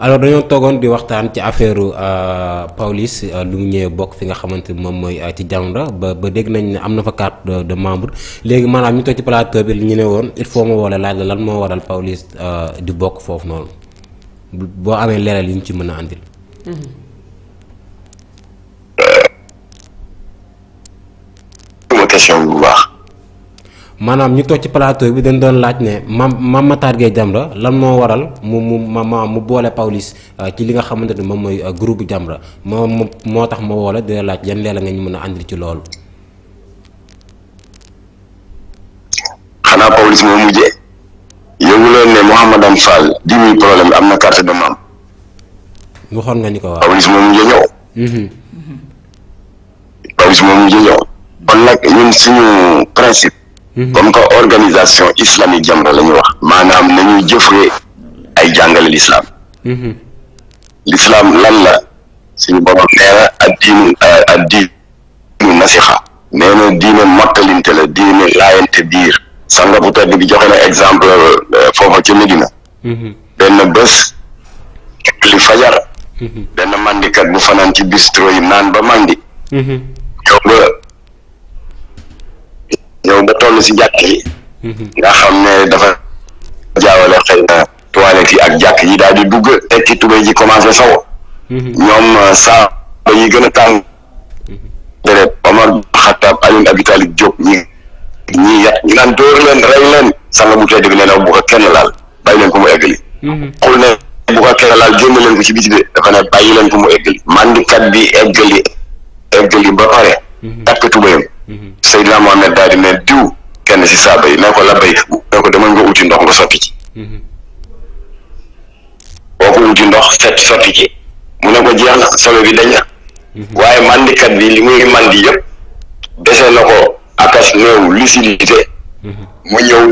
alors dañoo toogoon bi waxtaan ci affaire euh, Pawlish euh, lu mu ñëwee bokk fi nga xamante moom mooy euh, ci Jamra ba ba dégg nañ ne am na fa carte de membre léegi maanaam ñu toog ci plateau bi ñu ne woon il faut ma woo la laaj la lan moo waral Pawlish di bokk foofu noonu boo amee leeral yi ñu ci mën a andil. Mmh. maanaam ñu toog ci plateau bi dañ doon laaj ne mam mam Matar Gueye Jamra lan moo waral mu mu ma mu boole Pawlish euh, ci li nga xamante ne moom mooy euh, groupe Jamra moo moo tax ma woola dina laaj yan leela nga ñu mën a àndil ci loolu. xanaa Pawlish moo mujjee. yëguloon ne Mouhamadou ni ko waaw moo mujjee ñëw. Mm-hmm. Pawlish moo nag ñun suñu principe. Mhm. comme que organisation islamique jamra la ñu wax maanaam nañuy jëfee ay jàngale lislaam mhm. lislaam lan la suñu borom nee na ak diinu euh, ak diinu nasixa nee na diine mottalinte la diine laayante biir sanga bu tedd bi joxe na exemple euh, foofa ci Medina mhm. benn bés li fajar benn mandikat bu fanaan ci bistro yi naan ba mandi ñëw ba yow ba toll si jàkk yi nga xam ne dafa jaawale xëy na toilette yi ak jàkk yi daal di dugg ci tubéy ji commencé saw ñoom euh, saa ba yi gën a tàng de Omar Xattaab a Abi Talib Diop ñi ñi yat ñi naan dóor leen rey leen sanga bu tedd bi nee na bu ko kenn laal bàyyi leen ko mu eggali xul ne bu ko kenn laal génn leen ko ci biti de dafa ne bàyyi leen ko mu eggali mandikat bi eggali eggali ba pare takk tubéyam Seydina Mohamed daal di ne diw kenn si saaba yi ne ko la béy ko demal nga uti ndox nga sotti ci boo ko uti ndox fet sotti ci mu ne ko jeex na sobe bi dañ na waaye mandikat bi li muy mandi yëpp dese na ko akas néew lucidité mu ñëw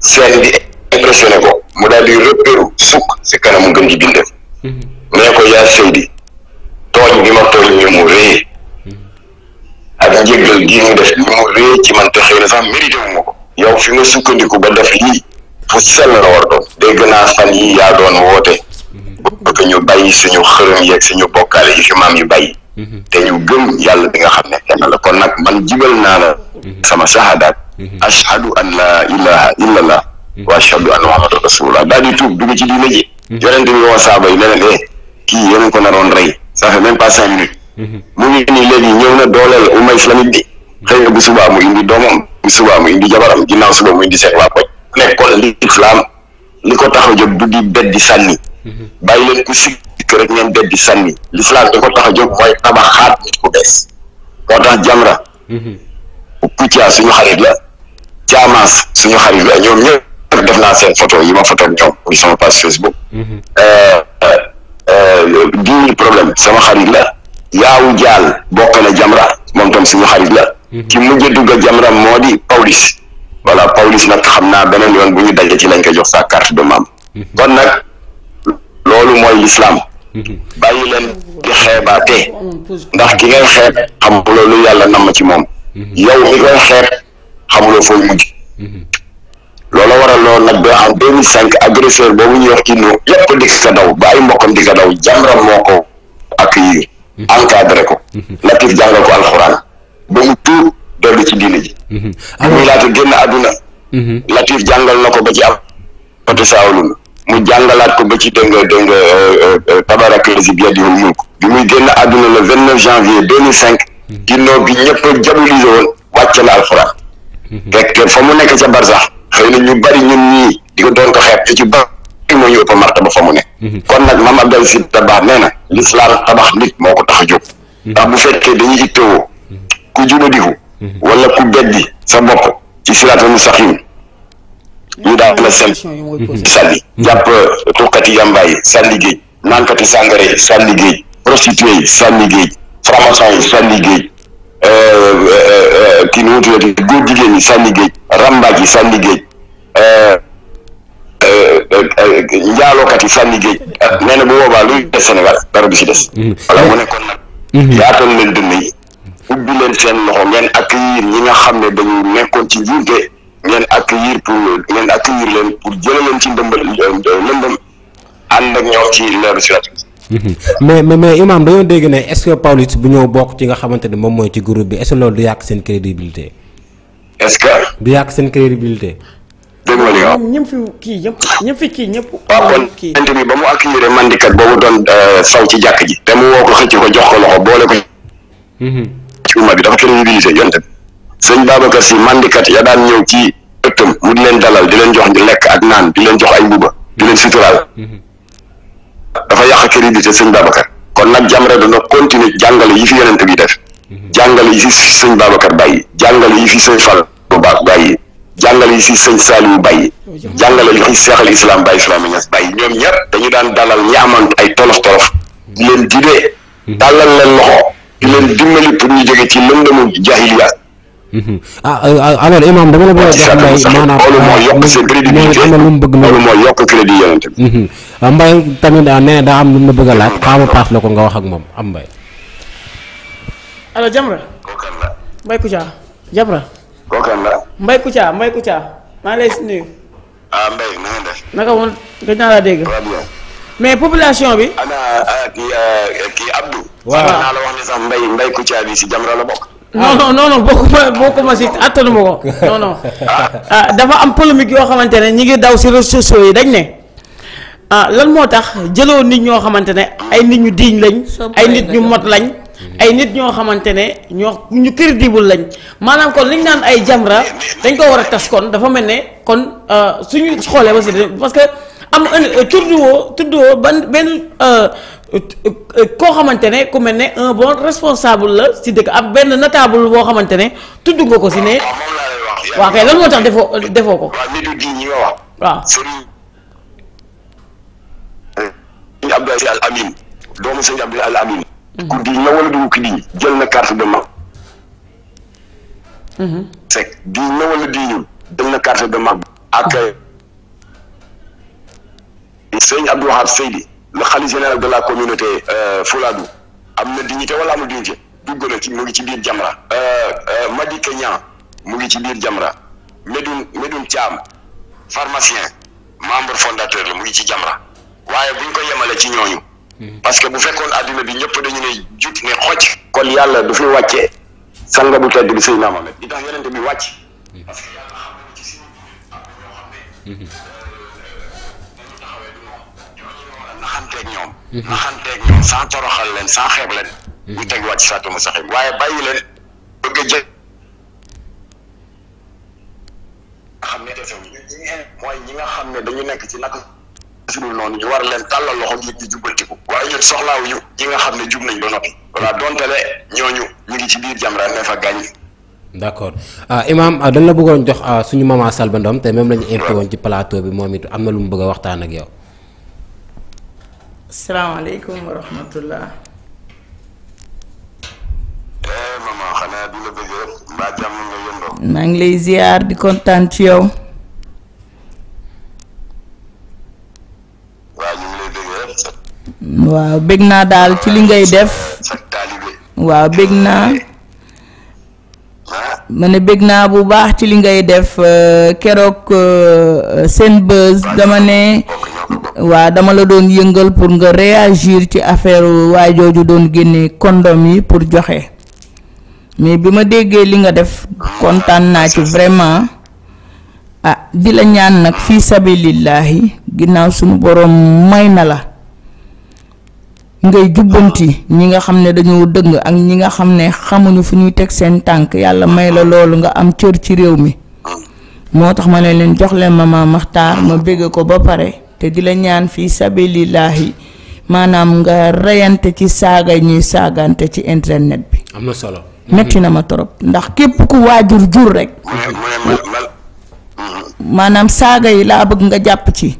seen di impressionné ko mu daal di repéru sukk si kanamu gën ci bindef mhm. ko yaa Seydi tooñ bi ma tooñ ñu mu rëy ak njëggal gi ñu def li mu réer ci man te xëy na sax mérité wu ma fi nga sukkandiku ba def lii fu sell a war doon dégg naa fan yi yaa doon woote bëgg ñu bàyyi suñu xërëm yeeg suñu bokkaale yi fi maam yu bàyyi te ñu gëm yàlla bi nga xam ne kenn la kon nag man jibal naa la sama shahadaat ashhadu an laa ilaha illa allah wa ashhadu an muhammadu rasulullah daal di tuub dugg ci diina ji hmm. yonente bi woo saaba yi ne leen eh kii rey ça fait même pas cinq minutes mu ngi nii léegi ñëw na dooleel umma islamique bi xëy na bu subaa mu indi doomam bu subaa mu indi jabaram ginnaaw suba mu indi seen waa koñ nekkoon li islam li ko tax a jóg du di beddi sànni bàyyi leen ku ko tax a jóg mooy tabaxaat nit ku bees moo tax jamra Kouthia suñu xarit la Caamaas suñu xarit la ñoom ñëpp def naa seen photo yi ma photo ñoom sama page Facebook. bii mhm. euh, euh, euh, problème sama xarit la yaawu jaal bokk na jamra moom tam suñu xarit la mhm. ki mujj dugg jamra moo di Pawlish voilà Pawlish nag xam naa beneen yoon bu ñu dajee ci lañ koy jox sa carte de membre mhm. kon nag loolu mooy lislaam mhm. bàyyi leen di xeebaate ndax ki ngay xeeb xamuloo lu yàlla ma ci moom yow mi koy xeeb xamuloo fooy mujj loola waral lool nag ba en deux mille cinq agresseur boobu ñuy wax ci nu yëpp di ko daw ba mbokkam di ko daw jamra moo ko accueillir encadré ko Latif jàngal ko alxuraan ba mu tuub dolli ci diine ji muy laata génn àdduna mhm. Latif jàngal na ko ba ci am oto saawlun mu jàngalaat ko ba ci dënga dënga a lazi biyadihul mulk bi muy génn àdduna la vingt neuf janvier deux mille cinq ginnaaw bi ñëpp a wàcce na alxuraan mhm. fekk fa mu nekk ca barsax xëy na ñu bari ñun ñii di ko doon ko xeeb te ci bari moo ñu ëpp martaba fa mu ne Mhm. kon nag maam Abdou Aziz Dabakh nee na lislaam tabax nit moo ko tax a jóg mhm. ndax bu fekkee dañuy ittewoo mhm. ku jubadiku wala ku beddi sa bopp ci siraatal mustaqim ñu daal la sell sàlli jàpp tuxkati yamba yi sàlli géej naankati sàngara yi sàlli géej prostitué yi sàlli géej franc-maçon yi sàlli euh, euh, euh, kii nu mu tuddati góor jigéen yi sàlli rambaaj yi sàlli njaalookat yi sànni géej nee na bu boobaa luy des Sénégal dara du si des. voilà mm-hmm. mu mm-hmm. nekkoon nag. Mm-hmm. yaatal leen dund yi. ubbi leen seen loxo ngeen accueillir ñi nga xam ne dañu nekkoon ci njuur de ngeen accueillir pour ngeen accueillir leen pour jële leen ci ndëmbal lëndëm ànd ak ñoom ci leeru siraat mais mais mais Imaam dañoo dégg ne est-ce que Pawlish bu ñëw bokk ci nga xamante ne moom mooy ci groupe bi est-ce que du yàq seen crédibilité. est-ce que. du yàq seen crédibilité. dégg nga li nga wax ñoom fi kii ñëpp ñoom fi kii ñëpp. waaw kon jant bi ba mu acculé mandikat boobu doon euh, saw ci jàkk ji. te mu woo ko xëcc ko jox ko loxo boole ko. ci mm-hmm. umma bi dafa crédibilisé yonte bi. sëñ Babacar si mandikat ya daan ñëw ci ëttam mu di leen dalal di leen jox di lekk ak naan di leen jox ay mbuba di leen suturaal. Mm-hmm. dafa yàq crédibilité sëñ Babacar. kon nag Jamra dana continuer jàngale yi fi yonent bi def. Mm-hmm. jàngale yi fi sëñ Babacar bàyyi jàngale yi fi sëñ Fall bu baax bàyyi. jàngale yi si sëñ Saliou Baye jàngale yi si seexal islam Baye Ibrahima Niass Baye ñoom ñëpp dañu daan dalal ñu amoon ay tolof tolof di leen jidee mhm. dalal leen loxo di leen dimbali pour ñu jóge ci lëndëmu jahiliya mhm. ah euh, euh, alors imam dama la bëgg a jox Mbaye maanaam loolu moo yokk euh, seen crédibilité bëgg loolu moo yokk crédit yonent bi mhm. ah, tamit nee daa am lu mu la bëgg a laaj xaama paas la ko nga wax ak moom am Mbaye alors Jamra Mbaye Kouthia kookan la. Mbaye Kouthia Mbaye Kouthia maa ngi lay nuyu. ah Mbaye na nga def. naka woon gëj naa laa dégg. mais population bi. ana ah, kii ah, kii Abdou. waaw naa la wax ne sax Mbaye Mbaye Kouthia bi si Jamra la bokk. non non non non bokkuma bokkuma si attanu ko non ah, dafa am polémique yoo xamante ne ñi ngi daw si réseaux yi dañ ne lan moo tax jëloo nit ñoo xamante ne ay nit ñu diiñ lañ. ay nit ñu mot lañ. Mm-hmm. ay nit ñoo xamante ne ñoo ñu crédible lañ maanaam kon liñ naan ay jamra dañ koo war a tas kon dafa mel ne kon euh, suñu xoolee aussi parce que am euh, tudduwoo tudduwoo ba benn euh, koo xamante ne ku mel ne un bon responsable la si dëkk ab benn notable boo xamante ne tudd nga ko si ne. Ah, waaw kay lan moo tax defoo defoo ko. waaw. sëñ Abdoulaye Al Amin doomu sëñ Abdoulaye Al Amin Mhm. guddi gi la wala du ko jël na carte de membre. Mhm. sec di na wala di ñun jël na carte de membre ak sëñ Abdou Wahab Seydi le khalife général de la communauté euh, Fuladu am na dignité wala amul dignité dugg na ci mu ngi ci biir Jamra. Euh, euh, Madické Niang mu ngi ci biir Jamra Medoune Medoune Thiam pharmacien membre fondateur la mu ngi ci Jamra waaye buñ ko yemale ci ñooñu. parce que bu fekkoon adduna bi ñëpp dañu ne jub ne xoj. kon yàlla du fi wàcce sanga bu tedd bi Seydina Mohamed li tax yonente bi wàcc. parce que yàlla xam na ci suñu ñoo xam mhm. leen sans xeeb leen. ñu teg wàcc mu saxib waaye bàyyi leen bëgg jël. xam ne mooy ñi nga xam ne dañu nekk ci naka. sudul noonu ñu war leen tàllal loxo ngir ñu jubbantiku waaye ñun soxlaawu ñu ñi nga xam ne jub nañ ba noppi voilà dontale ñooñu ñu ngi ci biir Jamra ne fa gàññi d'accord ah Imaam ah, dañ la bëggoon jox ah, suñu maman Selbé Ndom te même la ñu invité woon ci plateau bi moom it am na lu mu bëgg a waxtaan ak yow. salaamaaleykum wa rahmatullah. Eh, maman xanaa di la bëgg rek mbaa jàmm nga yëndoo. maa ngi lay ziar di kontaan ci yow. waa bëgg naa daal ci li ngay def waaw bëgg naa ah. ma ne bëgg naa bu baax ci li ngay def euh, keroog euh, euh, seen buzz dama ne waa dama la doon yëngal pour nga réagir ci affaire waa jooju doon génne kondom yi pour joxe mais bi ma déggee li nga def kontaan naa ci vraiment ah di la ñaan nag fii sabilillahi ginnaaw suñu borom may na la ngay jubbanti ah. ñi nga xam ne dañoo dëng ak ñi nga xam ne xamuñu fu ñuy teg seen tànk yàlla may la loolu nga am cër ci réew mi moo tax ma ne leen jox leen ma Mame Makhtar ma bégg ko ba pare te di la ñaan fii sabilillahi maanaam nga reyante ci saaga ñuy saagante ci internet bi. am na solo. Mm-hmm. metti na ma torop ndax képp ku waajur jur rek. maanaam saaga yi laa bëgg nga jàpp ci.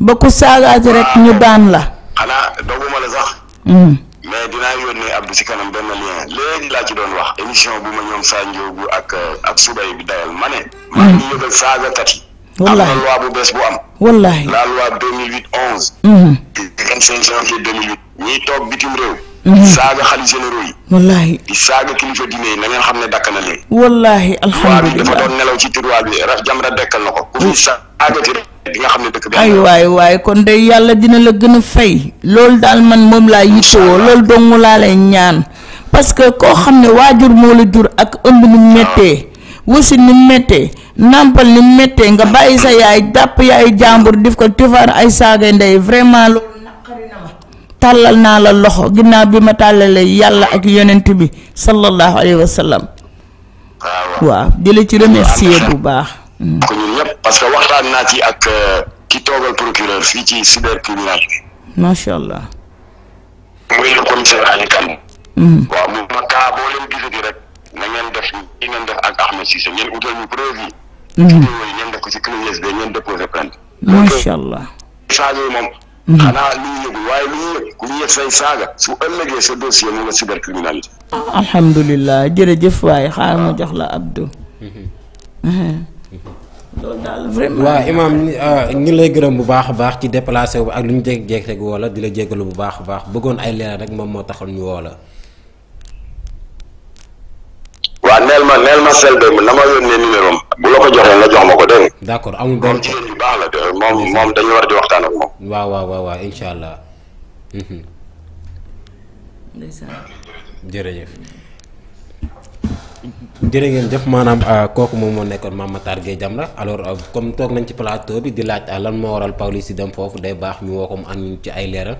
ba saagaati rek ñu daan la. xanaa doguma la sax. Hmm. mais dinaa yónnee Abdou si kanam benn lien léegi laa ci doon wax émission bu ma ñoom Sa Ndiogou ak euh, ak Soubey bi dayal mane ne. maa hmm. ngi yëgal saagakat yi. wallaahi am na loi bu bees bu am. wallaahi la loi deux mille huit onze. di hmm. vingt toog bitim réew. saaga xali généraux yi. wallaahi di saaga kilifa diine na ngeen xam ne dakk na léegi. wallaahi alhamdulilah dafa doon nelaw ci tiroir bi raf jamra dekkal na ko. ku fi saagati rek. di nga xam ne ay waay waay kon day yàlla dina la gën a fay loolu daal man moom laa yittewoo loolu dong laa lay ñaan parce que koo xam ne waajur moo la jur ak ëmb ni méttee wësi ni méttee nàmpal ni méttee nga bàyyi sa yaay dàpp yaay jàmbur def ko tifaar ay saaga ndey vraiment loolu naqari na ma tàllal naa la loxo ginnaaw bi ma tàllalee yàlla ak yonent bi sallallahu alayhi wa sallam di la ci remercier bu baax parce que waxtaan naa ci ak euh, ki toogal procureur fii ci cybercriminal. macha allah. muy le commissaire Ali Kane. Mm-hmm. waaw mu ma kaa boo leen na ngeen def li ngeen def ak Ahmed Cissé ngeen utal ñu preuve yi. Mm-hmm. vidéo yi ngeen def ko ci clé USB ngeen euh, saaga yi moom. Mm-hmm. xanaa lu ñu yëgul waaye lu ñu yëg ku ñu su ëllëgee sa dossier mu ma jox la loolu daal vraiment. waaw imaam ah, ñu ngi lay gërëm bu baax a baax ci déplacé wu ak lu ñu jékki-jékki rek woo la di la jégalu bu baax a baax bëggoon ay leeral rek moom moo taxoon ñu woo la. waaw neel ma neel ma sel bi na ma yónnee numéro am bu la ko joxee nga jox ma ko dégg nga. d' accord amul benn moom jigéen bu moom dañu war di waxtaan ak moom. waaw waaw waaw waaw incha allah. Mhm. ndeysaan jërë ngeen jëf maanaam ah, kooku moom moo nekkoon Mame Matar Gueye Jamra alors euh, comme toog nañ ci plateau bi di laaj ah, lan moo waral Pawlish si dem foofu day baax ñu woo ko mu ànd ci ay leeral